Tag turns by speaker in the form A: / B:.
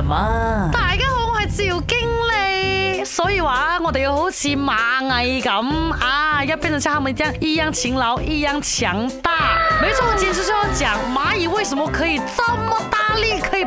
A: 什麼大家好，我係趙經理，所以話我哋要好似螞蟻咁啊，變成像他們一樣勤勞，一樣強大。沒錯，今日就要講螞蟻為什麼可以這麼大力，可以。